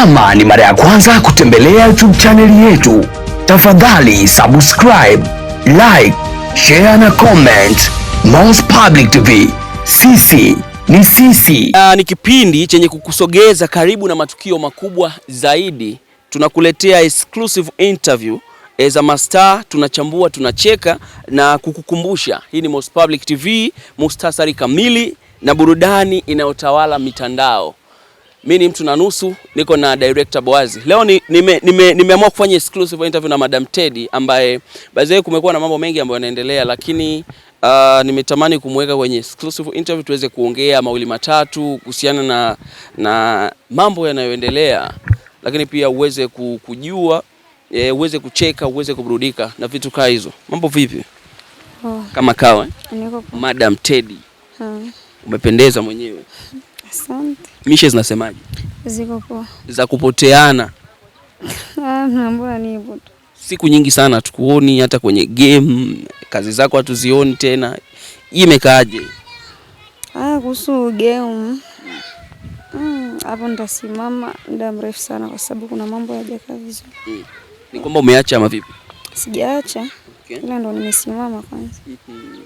Kama ni mara ya kwanza kutembelea YouTube chaneli yetu, tafadhali subscribe, like, share na comment. Mons Public TV, sisi ni sisi. Uh, ni kipindi chenye kukusogeza karibu na matukio makubwa zaidi. Tunakuletea exclusive interview eh, za mastaa, tunachambua, tunacheka na kukukumbusha. Hii ni Moz Public TV, mustasari kamili na burudani inayotawala mitandao mi ni mtu na nusu, niko na director Boazi. Leo nimeamua nime, nime kufanya exclusive interview na Madam Teddy ambaye baadaye kumekuwa na mambo mengi ambayo yanaendelea, lakini uh, nimetamani kumweka kwenye exclusive interview tuweze kuongea mawili matatu kuhusiana na, na mambo yanayoendelea, lakini pia uweze kujua e, uweze kucheka, uweze kuburudika na vitu kaa hizo. Mambo vipi? Oh. Kama kawa. Madam Teddy. Oh. Umependeza mwenyewe. Asante mishe zinasemaje? Ziko poa. Za kupoteana ah, siku nyingi sana tukuoni, hata kwenye game kazi zako hatuzioni tena, imekaaje? Ah, kuhusu game hmm, hapo mm, nitasimama muda mrefu sana kwa sababu kuna mambo hayajakaa vizuri mm. Ni kwamba umeacha ama vipi? Sijaacha, okay. Ila ndo nimesimama kwanza mm -hmm. hmm.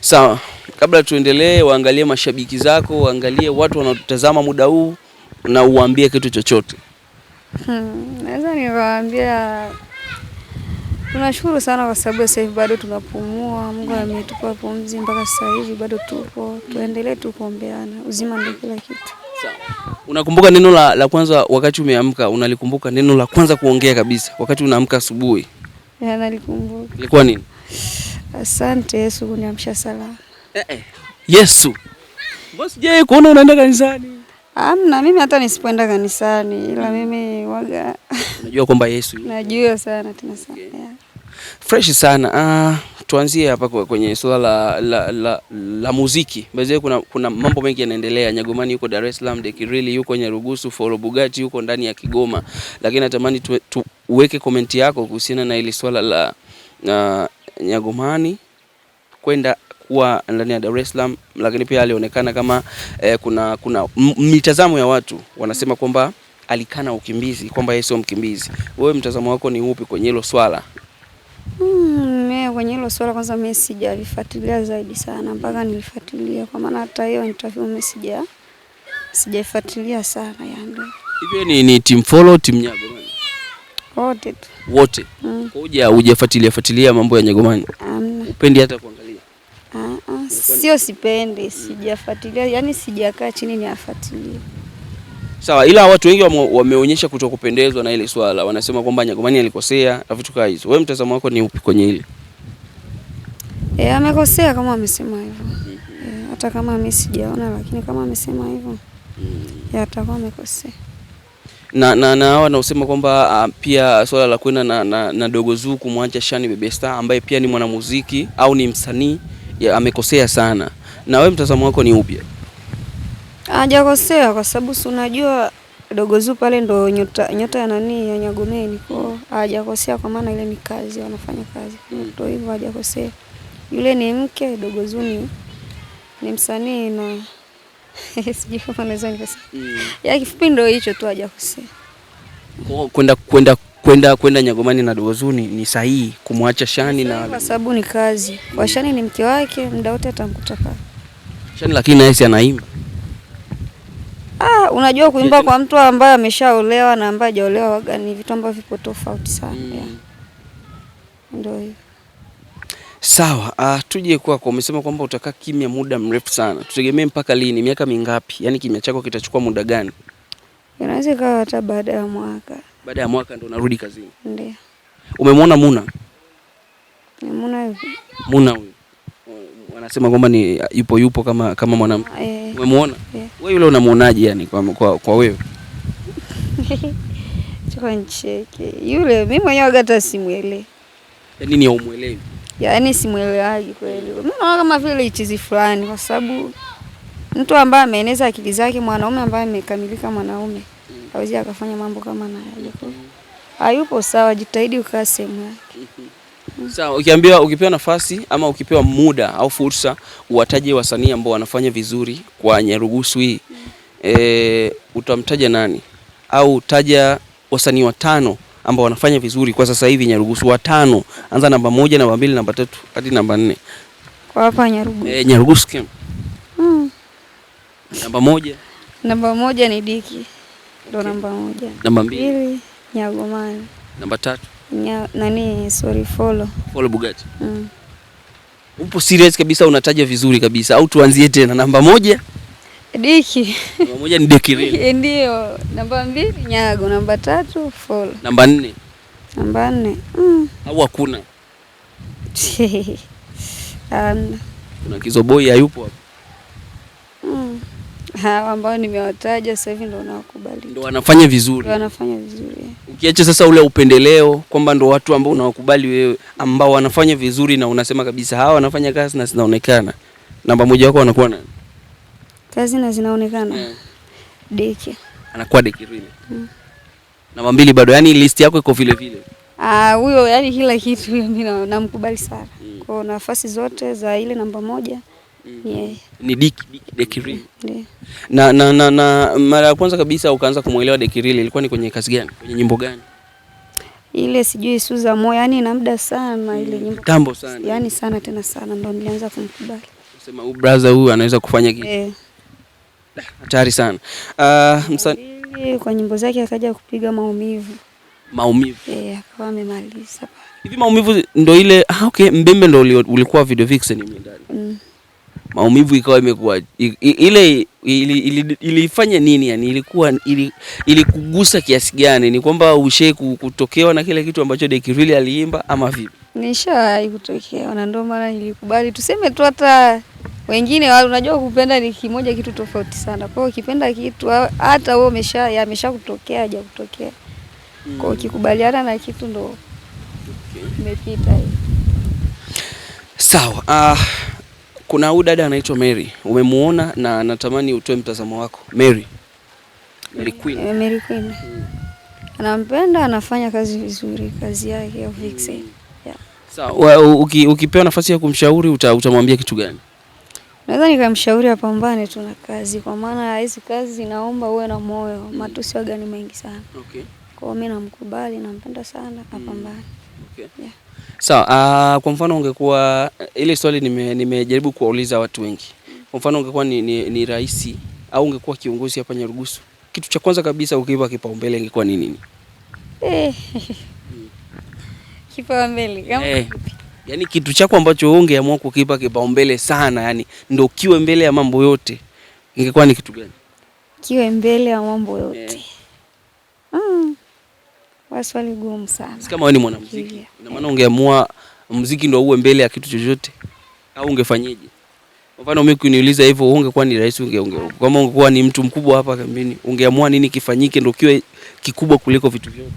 Sawa, kabla tuendelee, waangalie mashabiki zako, waangalie watu wanaotazama muda huu na uwaambie kitu chochote. Hmm, naweza niwaambia tunashukuru sana kwa sababu sasa hivi bado tunapumua. Mungu ametupa pumzi mpaka sasa hivi bado tupo, tuendelee tu kuombeana, uzima ndio kila kitu. Sawa. Unakumbuka neno la, la kwanza wakati umeamka, unalikumbuka neno la kwanza kuongea kabisa wakati unaamka asubuhi? Ya, nalikumbuka. Ilikuwa nini? Asante Yesu kuniamsha salama. Eh, eh. Yesu. Bosi, je, kuona unaenda kanisani? Amna, mimi hata nisipoenda kanisani ila mimi waga najua kwamba Yesu Najua sana tena sana. Okay. Yeah. Fresh sana. Uh, tuanzie hapa kwenye swala la, la, la, la muziki. Baadaye kuna, kuna mambo mengi yanaendelea. Nyagomani yuko Dar es Salaam, Dekirili yuko Nyarugusu, Foro Bugati yuko ndani ya Kigoma, lakini natamani tuweke tu, komenti yako kuhusiana na hili swala la uh, Nyagomani kwenda kuwa ndani ya Dar es Salaam, lakini pia alionekana kama eh, kuna kuna mitazamo ya watu wanasema kwamba alikana ukimbizi kwamba yeye sio mkimbizi. Wewe mtazamo wako ni upi kwenye hilo swala? Mm, kwenye hilo swala kwanza mimi sijalifuatilia zaidi sana mpaka nilifuatilia, kwa maana hata hiyo interview mimi sija sijaifuatilia sana yani. Hivyo ni, ni team follow team Nyago wote tu wote mm. Koja hujafuatilia fuatilia mambo ya Nyagomani um. Upendi hata kuangalia uh -uh. Sio, sipendi, sijafuatilia yani, sijakaa chini niafuatilie. Sawa, ila watu wengi wameonyesha kuto kupendezwa na ile swala, wanasema kwamba Nyagomani alikosea na vitu kama hizo. Wewe mtazamo wako ni upi kwenye ile? E, eh, amekosea kama amesema hivyo mhm. eh, hata kama mimi sijaona, lakini kama amesema hivyo mm. atakuwa amekosea na na na hawa usema kwamba uh, pia swala la kwenda na, na, na Dogo Zuu kumwacha Shani Bebe Star ambaye pia ni mwanamuziki au ni msanii amekosea sana, na wewe mtazamo wako ni upi? Hajakosea kwa sababu si unajua Dogo Zuu pale ndo nyota, nyota ya nani ya Nyagomeni, kwa hajakosea kwa maana ile ni kazi, wanafanya kazi ndio hivyo, hajakosea. Yule ni mke, Dogo Zuu ni msanii na sijui kama naweza nikasema ya kifupi, ndio hicho tu, haja kusema kwenda kwenda kwenda kwenda Nyagomani na Dozuni ni sahihi kumwacha Shani na kwa sababu ni kazi kwa Shani, ni mke wake, muda wote atamkuta pale Shani, lakini naye si anaimba. Ah, unajua kuimba kwa mtu ambaye ameshaolewa na ambaye hajaolewa ni vitu ambavyo vipo tofauti sana. Mm. Ndio hiyo. Sawa, uh, tuje kwako. Umesema kwamba utakaa kimya muda mrefu sana, tutegemee mpaka lini? Miaka mingapi? Yaani kimya chako kitachukua muda gani? Inaweza ikawa hata baada ya mwaka. Baada ya mwaka ndo unarudi kazini? Ndio. Umemwona Muna? Muna yupi? Muna huyu wanasema kwamba ni yupo yupo kama kama mwanamke eh. Umemwona yeah? Wewe yule unamuonaje yani kwa, kwa, kwa wewe? Chukua ncheke yule, mimi mwenyewe hata simuelewi. Nini yaani ni haumuelewi? yaani simwelewaji kweli. Mimi naona kama vile ichizi fulani, kwa sababu mtu ambaye ameeneza akili zake, mwanaume ambaye amekamilika, mwanaume hawezi akafanya mambo kama nayo. Hayupo sawa, jitahidi ukaa sehemu yake. Sawa, ukiambiwa ukipewa nafasi ama ukipewa muda au fursa uwataje wasanii ambao wanafanya vizuri kwa Nyarugusu hii, e, utamtaja nani? Au taja wasanii watano ambao wanafanya vizuri kwa sasa hivi Nyarugusu watano, anza namba moja, namba mbili, namba tatu hadi namba nne kwa hapa Nyarugusu. Eh, Nyarugusu kim? Mm. Namba moja. Namba moja ni Diki. Ndo okay. Namba moja. Namba mbili Nyagomani. Namba tatu Nya, nani sorry follow. Follow Bugatti. Mm. Upo serious kabisa unataja vizuri kabisa au tuanzie tena namba moja Diki. Namba moja ni Diki Reli. Ndio. Namba mbili Nyago, namba tatu Fall. Namba nne. Namba nne. Mm. Au hakuna. Ana. Kuna Kizoboi hayupo hapo. Mm. Hao ambao nimewataja sasa hivi ndio unawakubalika. Ndio wanafanya vizuri. Ndio wanafanya vizuri. Ukiacha sasa ule upendeleo kwamba ndio watu ambao unawakubali wewe ambao wanafanya vizuri na unasema kabisa hawa wanafanya kazi na zinaonekana. Namba moja wako wanakuwa nani? kazi na zinaonekana yeah. Mm. Deki anakuwa deki really. mm. Namba mbili bado, yani list yako iko vile vile ah, huyo, yani kila kitu mimi namkubali sana mm. kwa nafasi zote za ile namba moja mm. yeah. ni deki, deki really. yeah. Mm, na, na, na, na mara ya kwanza kabisa ukaanza kumwelewa deki really ilikuwa ni kwenye kazi gani, kwenye nyimbo gani? ile sijui za Moyo, yani na muda sana mm, ile nyimbo tambo sana, yani sana tena sana, ndo nilianza kumkubali, kusema huyu brother huyu anaweza kufanya kitu yeah hatari sana. Uh, ah, msan... kwa nyimbo zake akaja kupiga maumivu maumivu eh, akawa amemaliza hivi maumivu ndo ile ah, okay, mbembe ndo ulikuwa video vixen ndani mm. maumivu ikawa imekuwa ile ilifanya ili, ili ili nini yani ilikuwa ili, ilikugusa kiasi gani? Ni kwamba ushe kutokewa na kile kitu ambacho Deki Dekirili aliimba ama vipi? Nishawahi kutokewa na ndio maana nilikubali, tuseme tu hata wengine unajua kupenda ni kimoja kitu tofauti sana. Kwa hiyo ukipenda kitu hata wewe umesha yamesha kutokea haja kutokea. Kwa hiyo mm. ukikubaliana na kitu ndo imepita hiyo. Sawa. Ah, kuna huyu dada anaitwa Mary. Umemuona na natamani utoe mtazamo wako. Mary. Mary Queen. Eh, Mary Queen. Hmm. Anampenda, anafanya kazi vizuri, kazi yake ya fixing. Hmm. Yeah. Sawa. Ukipewa nafasi ya kumshauri utamwambia kitu gani? Naweza nikamshauri apambane tu na kazi, kwa maana hizi kazi zinaomba uwe na moyo, matusi waga ni mengi sana. Okay. Kwa mimi namkubali, nampenda sana, mm. apambane. Okay. Yeah. Sawa, so, uh, ah, kwa mfano ungekuwa ile swali nime, nimejaribu kuwauliza watu wengi. Kwa mfano ungekuwa ni, ni, ni rais au ungekuwa kiongozi hapa Nyarugusu, kitu cha kwanza kabisa ukiipa kipaumbele ingekuwa ni nini? Eh. Mm. Kipaumbele kama eh. Yaani kitu chako ambacho ungeamua kukipa kipaumbele sana, yani ndio kiwe mbele ya mambo yote, ingekuwa ni kitu gani? Kiwe mbele ya mambo yote yeah. Mm. Waswali gumu sana. Kama wewe ni mwanamuziki yeah. Ina maana ungeamua muziki ndio uwe mbele ya kitu chochote au ungefanyeje? Kwa mfano mimi kuniuliza hivyo, ungekuwa ni rais, unge unge kama ungekuwa ni mtu mkubwa hapa kambini, ungeamua nini kifanyike ndio kiwe kikubwa kuliko vitu vyote?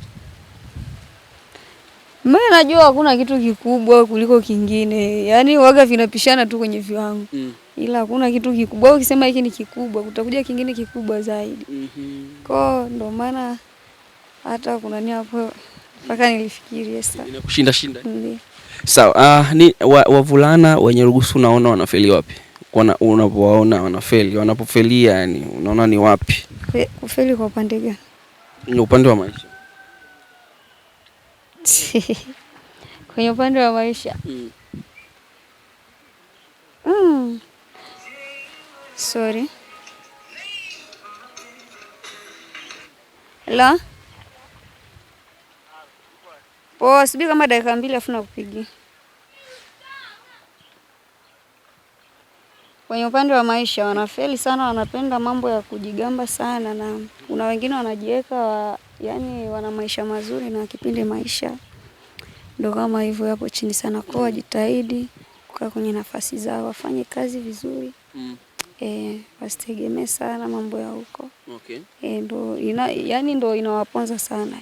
Mbona najua hakuna kitu kikubwa kuliko kingine, yaani waga vinapishana tu kwenye viwango mm. Ila hakuna kitu kikubwa. Ukisema hiki ni kikubwa, kutakuja kingine kikubwa zaidi mm -hmm. Ko ndo maana hata kuna nia hapo mpaka nilifikirie sana inakushinda shinda. Ndio sawa. Uh, ni wavulana wa wenye ruhusu unaona wanafeli wapi? Unapowaona wanafeli, wanapofelia yani unaona ni wapi kufeli? Kwa upande gani? Ni upande wa maisha kwenye upande wa maisha mm. Mm. Sorry. Hello? Oh, sibi kama dakika mbili afu nakupigia. kwenye upande wa maisha wanafeli sana, wanapenda mambo ya kujigamba sana, na kuna wengine wanajiweka wa, yani wana maisha mazuri na kipindi maisha ndo kama hivyo yapo chini sana kwao. Wajitahidi kukaa kwenye nafasi zao, wafanye kazi vizuri mm. E, wasitegemee sana mambo ya huko okay. E, ndo ina, yani ndo inawaponza sana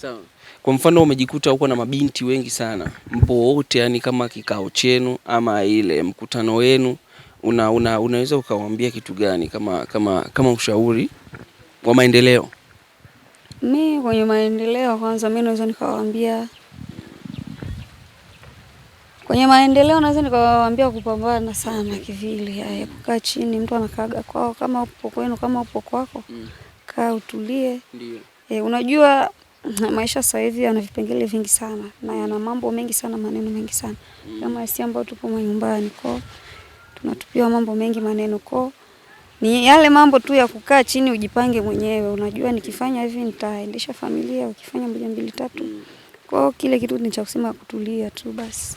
sawa. So, kwa mfano umejikuta huko na mabinti wengi sana, mpo wote yani kama kikao chenu ama ile mkutano wenu una, una, unaweza ukawambia kitu gani kama, kama, kama ushauri wa maendeleo? Mi kwenye maendeleo, kwanza mi naweza nikawambia kwenye maendeleo, naweza nikawambia kupambana sana kivili, yaani, Haya, kukaa chini, mtu anakaaga kwao, kama upo kwenu, kama upo kwako, mm. kaa utulie. Ndio. E, unajua maisha sasa hivi yana vipengele vingi sana na yana mambo mengi sana, maneno mengi sana mm. kama si ambayo tupo manyumbani kwao tunatupiwa mambo mengi maneno ko ni yale mambo tu ya kukaa chini ujipange mwenyewe, unajua nikifanya hivi nitaendesha familia, ukifanya moja mbili tatu. Kwa hiyo kile kitu ni cha kusema kutulia tu basi.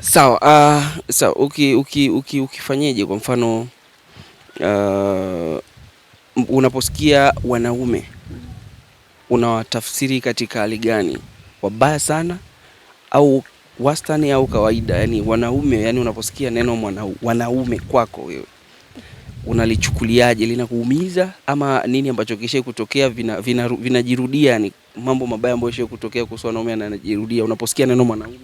Sawa. Uh, sawa uki, uki, uki, ukifanyeje kwa mfano uh, unaposikia wanaume unawatafsiri katika hali gani, wabaya sana au wastani au kawaida, yani wanaume, yani unaposikia neno mwana, wanaume kwako wewe unalichukuliaje? Linakuumiza ama nini ambacho kisha kutokea vinajirudia, vina, vina yani mambo mabaya ambayo kisha kutokea kuhusu wanaume anajirudia unaposikia neno mwanaume?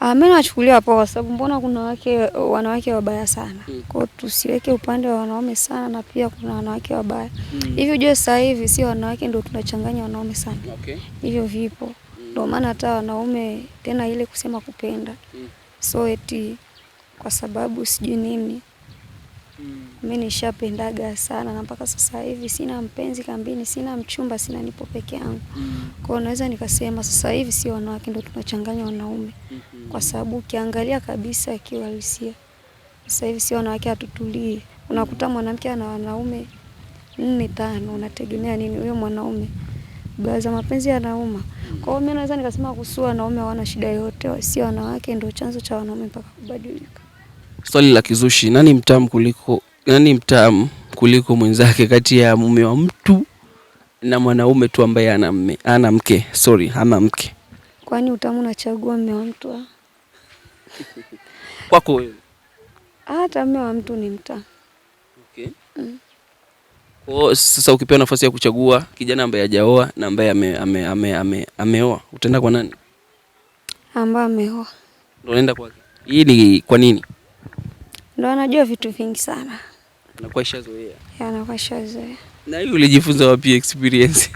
Ah, mimi nachukulia poa, sababu mbona kuna wake, wanawake wabaya sana hmm. Kwa tusiweke upande wa wanaume sana, na pia kuna wanawake wabaya hmm. hivi mm. Ujue sasa hivi sio wanawake ndio tunachanganya wanaume sana okay. Hivyo vipo ndio maana hata wanaume tena ile kusema kupenda mm. so eti kwa sababu sijui nini mm. mi nishapendaga sana na mpaka sasa hivi sina mpenzi kambini, sina mchumba, sina, nipo peke yangu mm. kwao naweza nikasema sasa hivi sio wanawake ndio tunachanganya wanaume mm -hmm. kwa sababu ukiangalia kabisa kiuhalisia sasa hivi sio wanawake, hatutulii. Unakuta mwanamke ana wanaume nne tano, unategemea nini huyo mwanaume? balaa za mapenzi yanauma. Kwa hiyo mimi naweza nikasema kuhusu wanaume hawana shida yote, si wanawake ndio chanzo cha wanaume mpaka kubadilika. Swali la kizushi, nani mtamu kuliko nani mtamu kuliko mwenzake kati ya mume wa mtu na mwanaume tu ambaye ana mme ana mke sorry, ana mke? Kwani utamu unachagua mume wa mtu? Ah? Kwako wewe hata mme wa mtu ni mtamu. Okay. Mm. Kwa sasa ukipewa nafasi ya kuchagua kijana ambaye hajaoa na ambaye ameoa ame, ame, ame, ame utaenda kwa nani? Ambaye ameoa. Ndio unaenda kwake. Hii ni kwa nini? Ndio anajua vitu vingi sana. Anakuwa ishazoea. Yeah, anakuwa ishazoea. Na hiyo ulijifunza wapi experience?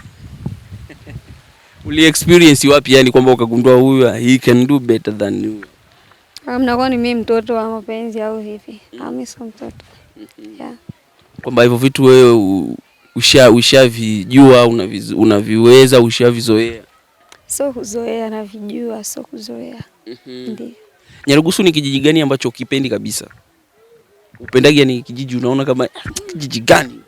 Uli experience wapi yani kwamba ukagundua huyu he can do better than you? Mnakuwa ni mimi mtoto wa mapenzi au vipi? Mm. Mimi sio mtoto. Mm -hmm. Yeah kwamba hivyo vitu wewe ushavijua, usha unaviweza, ushavizoea. So kuzoea na vijua, so kuzoea. mm -hmm. Ndio. Nyarugusu ni kijiji gani ambacho ukipendi kabisa? Upendaji yani kijiji unaona kama ah, kijiji gani?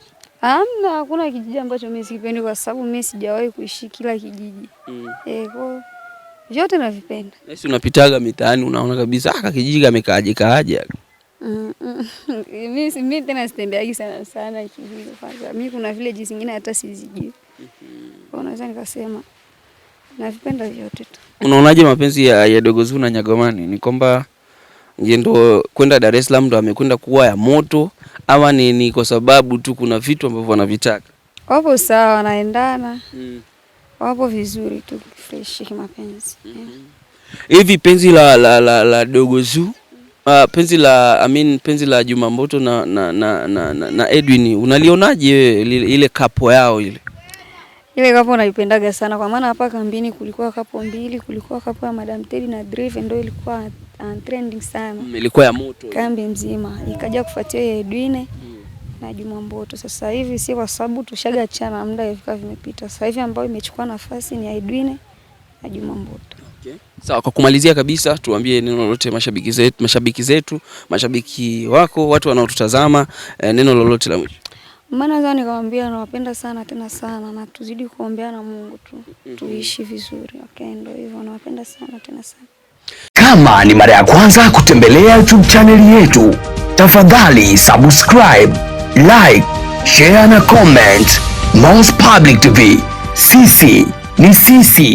Hamna, hakuna kijiji ambacho mimi sikipendi kwa sababu mimi sijawahi kuishi kila kijiji. Mm. Eh, kwa vyote navipenda. Nasi unapitaga mitaani unaona kabisa aka ah, kijiji kamekaaje kaaje. Mi tena sitembeagi sana sana kijiji kwanza. Mi kuna vile jinsi zingine hata sizijui, unaweza nikasema navipenda vyote tu. Unaonaje mapenzi ya, ya Dogo Zuu na Nyagomani? Ni kwamba je, ndo kwenda Dar es Salaam ndo amekwenda kuwa ya moto ama ni, ni kwa sababu tu kuna vitu ambavyo wanavitaka? Wapo sawa, wanaendana mm. Wapo vizuri tu fresh kimapenzi mm-hmm. hivi mm -hmm. yeah. Penzi la, la, la, la Dogo Zuu Uh, penzi la I mean, penzi la Juma Mboto na, na, na, na, na Edwin unalionaje ile kapo yao ile? Ile kapo naipendaga sana kwa maana hapa kambini kulikuwa kapo mbili, kulikuwa kapo ya Madam Teddy na Drive ndio ilikuwa uh, trending sana. Mm, ilikuwa ya moto. Kambi mzima mm. ikaja kufuatia ya Edwin mm. na Juma Mboto. Sasa hivi si kwa sababu tushaga achana muda ifika vimepita. Sasa hivi ambayo imechukua nafasi ni ya Edwin na Juma Mboto. Okay. Sawa, kwa kumalizia kabisa, tuambie neno lolote mashabiki zetu, mashabiki zetu, mashabiki wako, watu wanaotutazama, eh, neno lolote la mwisho. Maana zao nikamwambia nawapenda sana tena sana na tuzidi kuombea na Mungu tu mhm. tuishi vizuri. Okay, ndio hivyo nawapenda sana tena sana. Kama ni mara ya kwanza kutembelea YouTube channel yetu, tafadhali subscribe, like, share na comment. Mons Public TV. Sisi ni sisi.